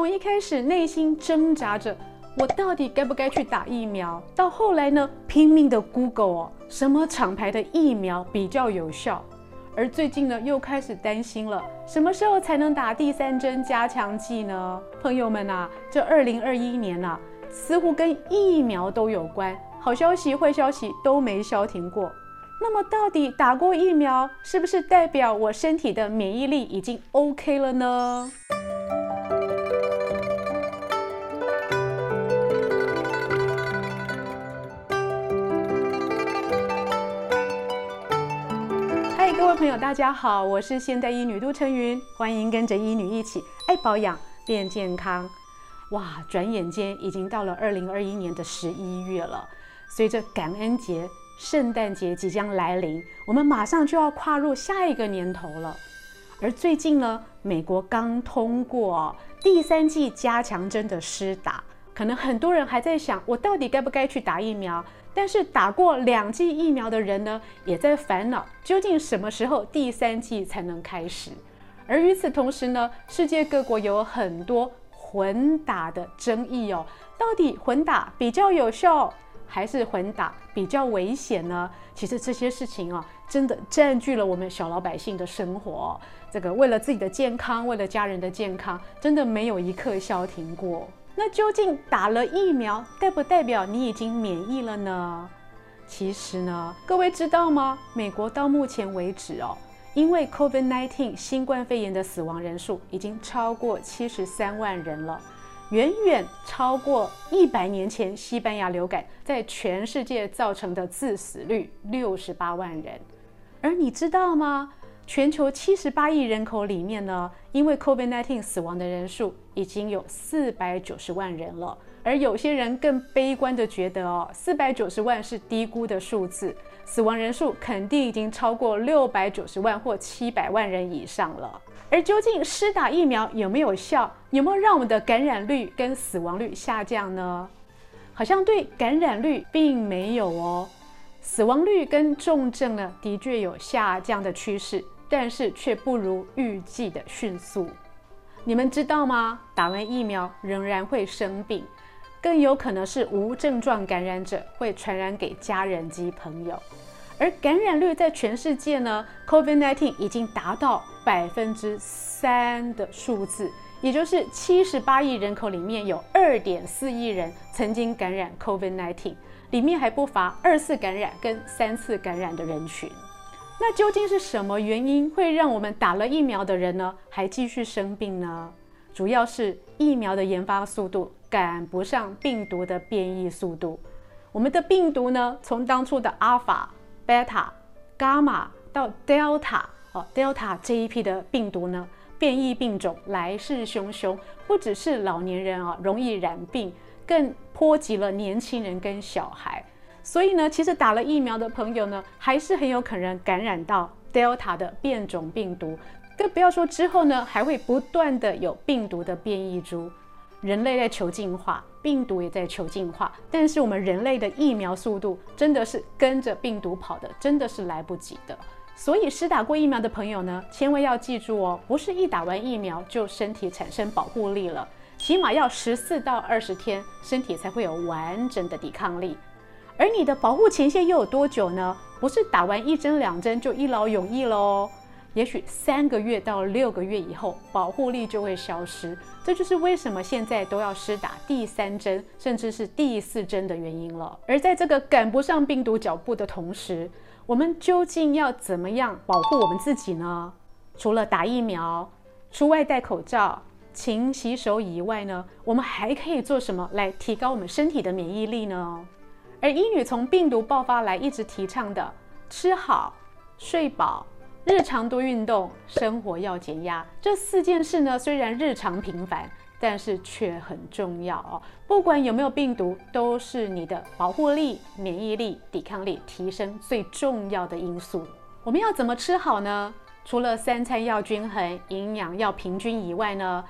從一開始內心掙扎着，我到底該不該去打疫苗？到後來呢，拼命的 Google 哦，什麼廠牌的疫苗比較有效？而最近呢，又開始擔心了，什麼時候才能打第三針加強劑呢？朋友們啊，這二零二一年啊，似乎跟疫苗都有關，好消息壞消息都沒消停過。那麼到底打過疫苗是不是代表我身體的免疫力已經 OK 了呢？朋友，大家好，我是現代醫女杜晨雲，歡迎跟着醫女一起愛保養變健康。哇，轉眼間已經到了二零二一年的十一月了，隨着感恩節、聖誕節即將來臨，我們馬上就要跨入下一個年頭了。而最近呢，美國剛通過第三劑加強針的施打，可能很多人還在想，我到底該不該去打疫苗？但是打過兩劑疫苗的人呢，也在煩惱究竟什麼時候第三劑才能開始。而與此同時呢，世界各國有很多混打的爭議哦，到底混打比較有效，還是混打比較危險呢？其實這些事情啊，真的占據了我們小老百姓的生活哦。這個為了自己的健康，為了家人的健康，真的沒有一刻消停過。那究竟打了疫苗，代不代表你已經免疫了呢？其實呢，各位知道嗎？美國到目前為止哦，因為 COVID-19 新冠肺炎的死亡人數已經超過七十三萬人了，遠遠超過一百年前西班牙流感在全世界造成的致死率六十八萬人。而你知道嗎？全球七十八億人口裡面呢，因為 COVID-19 死亡的人數已經有四百九十萬人了。而有些人更悲觀的覺得，哦，四百九十萬是低估的數字，死亡人數肯定已經超過六百九十萬或七百萬人以上了。而究竟施打疫苗有沒有效？有沒有讓我們的感染率跟死亡率下降呢？好像對感染率並沒有哦，死亡率跟重症呢的確有下降的趨勢。但是卻不如預計的迅速，你們知道嗎？打完疫苗仍然會生病，更有可能是無症狀感染者會傳染給家人及朋友。而感染率在全世界呢，COVID-19 已經達到百分之三的數字，也就是七十八億人口裡面有二點四億人曾經感染 COVID-19，裡面還不乏二次感染跟三次感染的人群。那究竟是什麼原因會讓我們打了疫苗的人呢，還繼續生病呢？主要是疫苗的研發速度趕不上病毒的變異速度。我們的病毒呢，從當初的阿爾法、貝塔、伽馬到 Delta 哦，Delta 這一批的病毒呢，變異病種來勢洶洶，不只是老年人啊、哦、容易染病，更波及了年輕人跟小孩。所以呢，其實打了疫苗的朋友呢，還是很有可能感染到 Delta 的變種病毒。更不要說之後呢，還會不斷的有病毒的變異株。人類在求進化，病毒也在求進化。但是我們人類的疫苗速度真的是跟着病毒跑的，真的是來不及的。所以，施打過疫苗的朋友呢，千萬要記住哦，不是一打完疫苗就身體產生保護力了，起碼要十四到二十天，身體才會有完整的抵抗力。而你的保護前線又有多久呢？不是打完一針兩針就一勞永逸了哦。也許三個月到六個月以後，保護力就會消失。這就是為什麼現在都要施打第三針，甚至是第四針的原因了。而在這個趕不上病毒腳步的同時，我們究竟要怎麼樣保護我們自己呢？除了打疫苗、除外戴口罩、勤洗手以外呢，我們還可以做什麼來提高我們身體的免疫力呢？而醫女從病毒爆發來一直提倡的吃好、睡飽、日常多運動、生活要減壓這四件事呢，雖然日常平凡，但是卻很重要哦。不管有沒有病毒，都是你的保護力、免疫力、抵抗力提升最重要的因素。我們要怎麼吃好呢？除了三餐要均衡、營養要平均以外呢，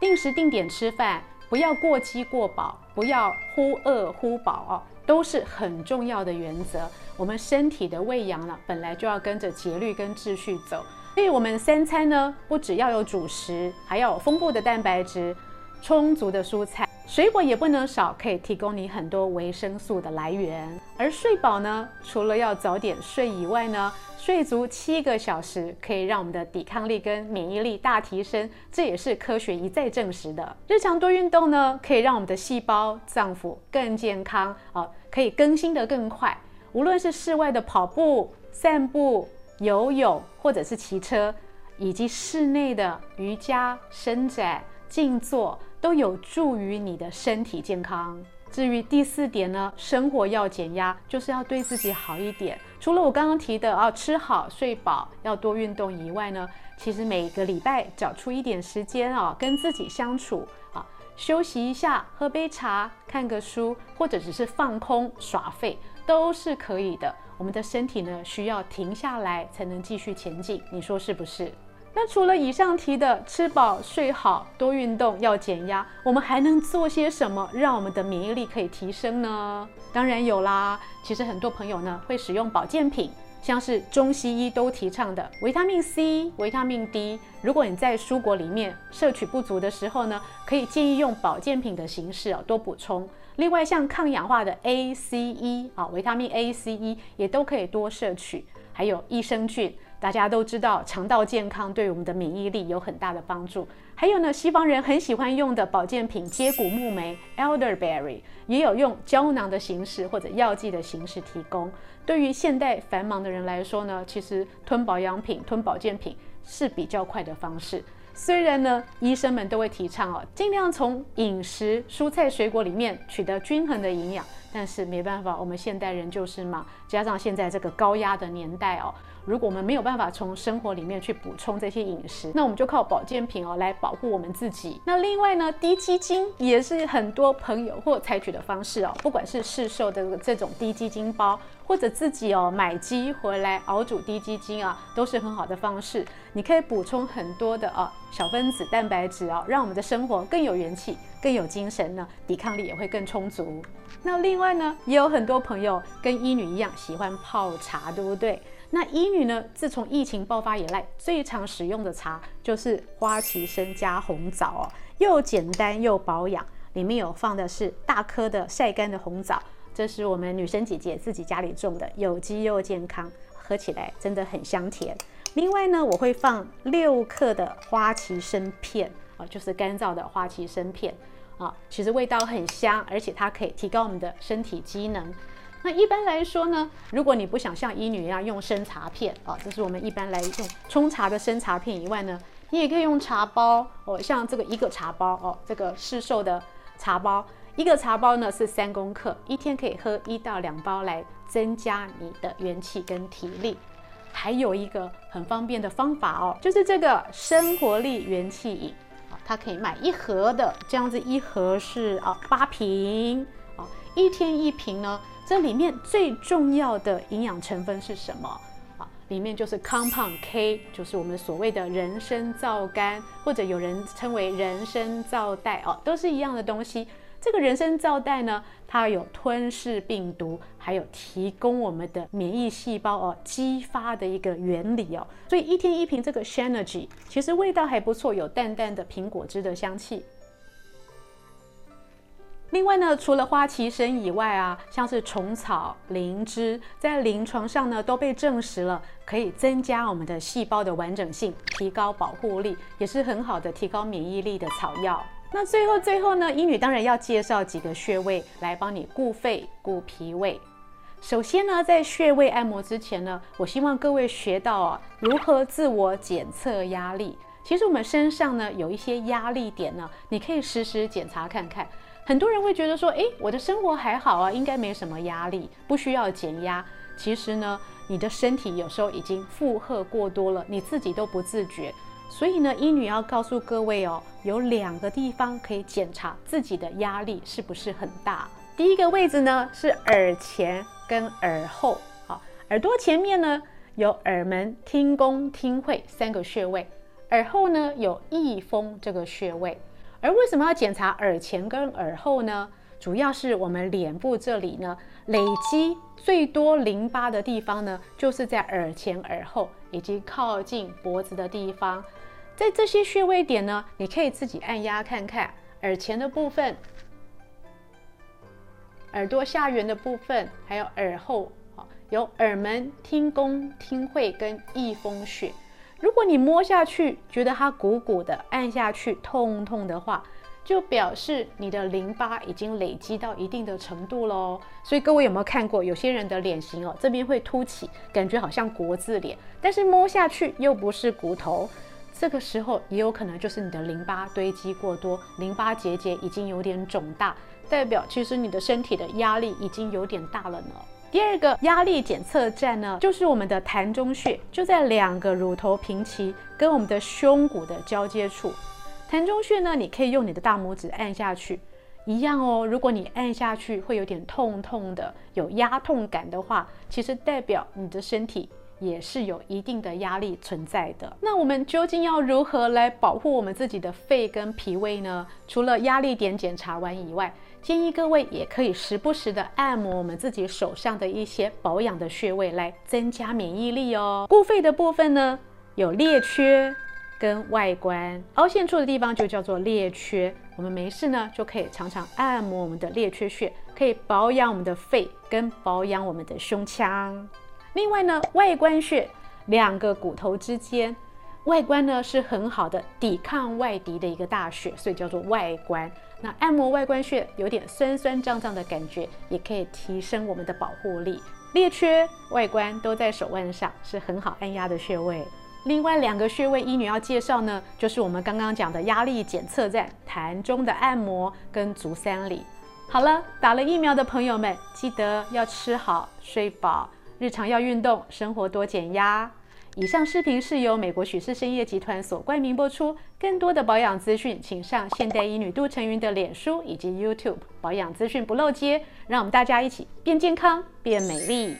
定時定點吃飯，不要過饑過飽，不要忽餓忽飽哦。都是很重要的原則。我們身體的餵養呢，本來就要跟着節律跟秩序走。所以，我們三餐呢，不只要有主食，還要有豐富的蛋白質、充足的蔬菜、水果也不能少，可以提供你很多維生素的來源。而睡飽呢，除了要早點睡以外呢，睡足七個小時，可以讓我們的抵抗力跟免疫力大提升，這也是科學一再證實的。日常多運動呢，可以讓我們的細胞、臟腑更健康啊。呃可以更新得更快，無論是室外的跑步、散步、游泳，或者是騎車，以及室內的瑜伽、伸展、靜坐，都有助於你的身體健康。至於第四點呢，生活要減壓，就是要對自己好一點。除了我剛剛提的啊，吃好、睡飽、要多運動以外呢，其實每個禮拜找出一點時間啊，跟自己相處啊。休息一下，喝杯茶，看個書，或者只是放空耍廢，都是可以的。我們的身體呢，需要停下來才能繼續前進，你說是不是？那除了以上提的吃飽、睡好、多運動、要減壓，我們還能做些什麼讓我們的免疫力可以提升呢？當然有啦，其實很多朋友呢會使用保健品。像是中西醫都提倡的維他命 C、維他命 D，如果你在蔬果裡面攝取不足的時候呢，可以建議用保健品的形式啊、哦、多補充。另外，像抗氧化的 ACE 啊、哦，維他命 ACE 也都可以多攝取，還有益生菌。大家都知道，腸道健康對我們的免疫力有很大的幫助。還有呢，西方人很喜歡用的保健品，接骨木莓 （Elderberry） 也有用膠囊的形式或者藥劑的形式提供。對於現代繁忙的人來說呢，其實吞保養品、吞保健品是比較快的方式。雖然呢，醫生們都會提倡哦，盡量從飲食、蔬菜、水果裡面取得均衡的營養。但是沒辦法，我們現代人就是嘛，加上現在這個高壓的年代哦。如果我們沒有辦法從生活裡面去補充這些飲食，那我們就靠保健品哦來保護我們自己。那另外呢，滴雞精也是很多朋友會採取的方式哦。不管是市售的這種滴雞精包，或者自己哦買雞回來熬煮滴雞精啊，都是很好的方式。你可以補充很多的啊、哦、小分子蛋白質哦，讓我們的生活更有元氣、更有精神呢，抵抗力也會更充足。那另外呢，也有很多朋友跟醫女一樣喜歡泡茶，對不對？那醫女呢，自從疫情爆發以來，最常使用的茶就是花旗參加紅棗哦，又簡單又保養。裡面有放的是大顆的曬乾的紅棗，這是我們女生姐姐自己家裡種的，有機又健康，喝起來真的很香甜。另外呢，我會放六克的花旗參片啊，就是乾燥的花旗參片啊，其實味道很香，而且它可以提高我們的身體機能。那一般來說呢，如果你不想像醫女一樣用生茶片啊，哦、這是我們一般來用沖茶的生茶片以外呢，你也可以用茶包哦，像這個一個茶包哦，這個市售的茶包，一個茶包呢是三公克，一天可以喝一到兩包來增加你的元氣跟體力。還有一個很方便的方法哦，就是這個生活力元氣飲、哦、它可以買一盒的，這樣子一盒是啊、哦、八瓶啊、哦，一天一瓶呢，這裡面最重要的營養成分是什麼啊？裡面就是 Compound K，就是我們所謂的人參皂苷，或者有人稱為人參皂甙哦，都是一樣的東西。這個人參皂甙呢，它有吞噬病毒，還有提供我們的免疫細胞哦、啊，激發的一個原理哦、啊。所以一天一瓶這個 Shenergy，其實味道還不錯，有淡淡的蘋果汁的香氣。另外呢，除了花旗參以外啊，像是蟲草、靈芝，在臨床上呢都被證實了可以增加我們的細胞的完整性，提高保護力，也是很好的提高免疫力的草藥。那最後最後呢，醫女當然要介紹幾個穴位來幫你固肺、固脾胃。首先呢，在穴位按摩之前呢，我希望各位學到、哦、如何自我檢測壓力。其實我們身上呢有一些壓力點呢，你可以實時檢查看看。很多人會覺得說，誒，我的生活還好啊，應該沒什麼壓力，不需要減壓。其實呢，你的身體有時候已經負荷過多了，你自己都不自覺。所以呢，醫女要告訴各位哦，有兩個地方可以檢查自己的壓力是不是很大。第一個位置呢是耳前跟耳後，好，耳朵前面呢有耳門、聽宮、聽會三個穴位，耳後呢有翳風這個穴位。而為什麼要檢查耳前跟耳後呢？主要是我們臉部這裡呢，累積最多淋巴的地方呢，就是在耳前、耳後以及靠近脖子的地方。在這些穴位點呢，你可以自己按壓看看。耳前的部分，耳朵下緣的部分，還有耳後，有耳門、聽宮、聽會跟翳風穴。如果你摸下去覺得它鼓鼓的，按下去痛痛的話，就表示你的淋巴已經累積到一定的程度嘍。所以各位有沒有看過有些人的臉型哦，這邊會凸起，感覺好像國字臉，但是摸下去又不是骨頭，這個時候也有可能就是你的淋巴堆積過多，淋巴結節已經有點腫大，代表其實你的身體的壓力已經有點大了呢。第二個壓力檢測站呢，就是我們的膻中穴，就在兩個乳頭平齊跟我們的胸骨的交接處。膻中穴呢，你可以用你的大拇指按下去，一樣哦。如果你按下去會有點痛痛的，有壓痛感的話，其實代表你的身體也是有一定的壓力存在的。那我們究竟要如何來保護我們自己的肺跟脾胃呢？除了壓力點檢查完以外，建議各位也可以時不時的按摩我們自己手上的一些保養的穴位，來增加免疫力哦。固肺的部分呢，有列缺跟外關。凹陷處的地方就叫做列缺。我們沒事呢，就可以常常按摩我們的列缺穴，可以保養我們的肺，跟保養我們的胸腔。另外呢，外關穴兩個骨頭之間，外關呢是很好的抵抗外敵的一個大穴，所以叫做外關。那按摩外關穴有點酸酸脹脹的感覺，也可以提升我們的保護力。列缺、外關都在手腕上，是很好按壓的穴位。另外兩個穴位，醫女要介紹呢，就是我們剛剛講的壓力檢測站膻中的按摩跟足三里。好了，打了疫苗的朋友們，記得要吃好睡飽，日常要運動，生活多減壓。以上視頻是由美國許氏參業集團所冠名播出。更多的保養資訊，請上現代醫女杜成雲的臉書以及 YouTube 保養資訊不漏接，讓我們大家一起變健康、變美麗。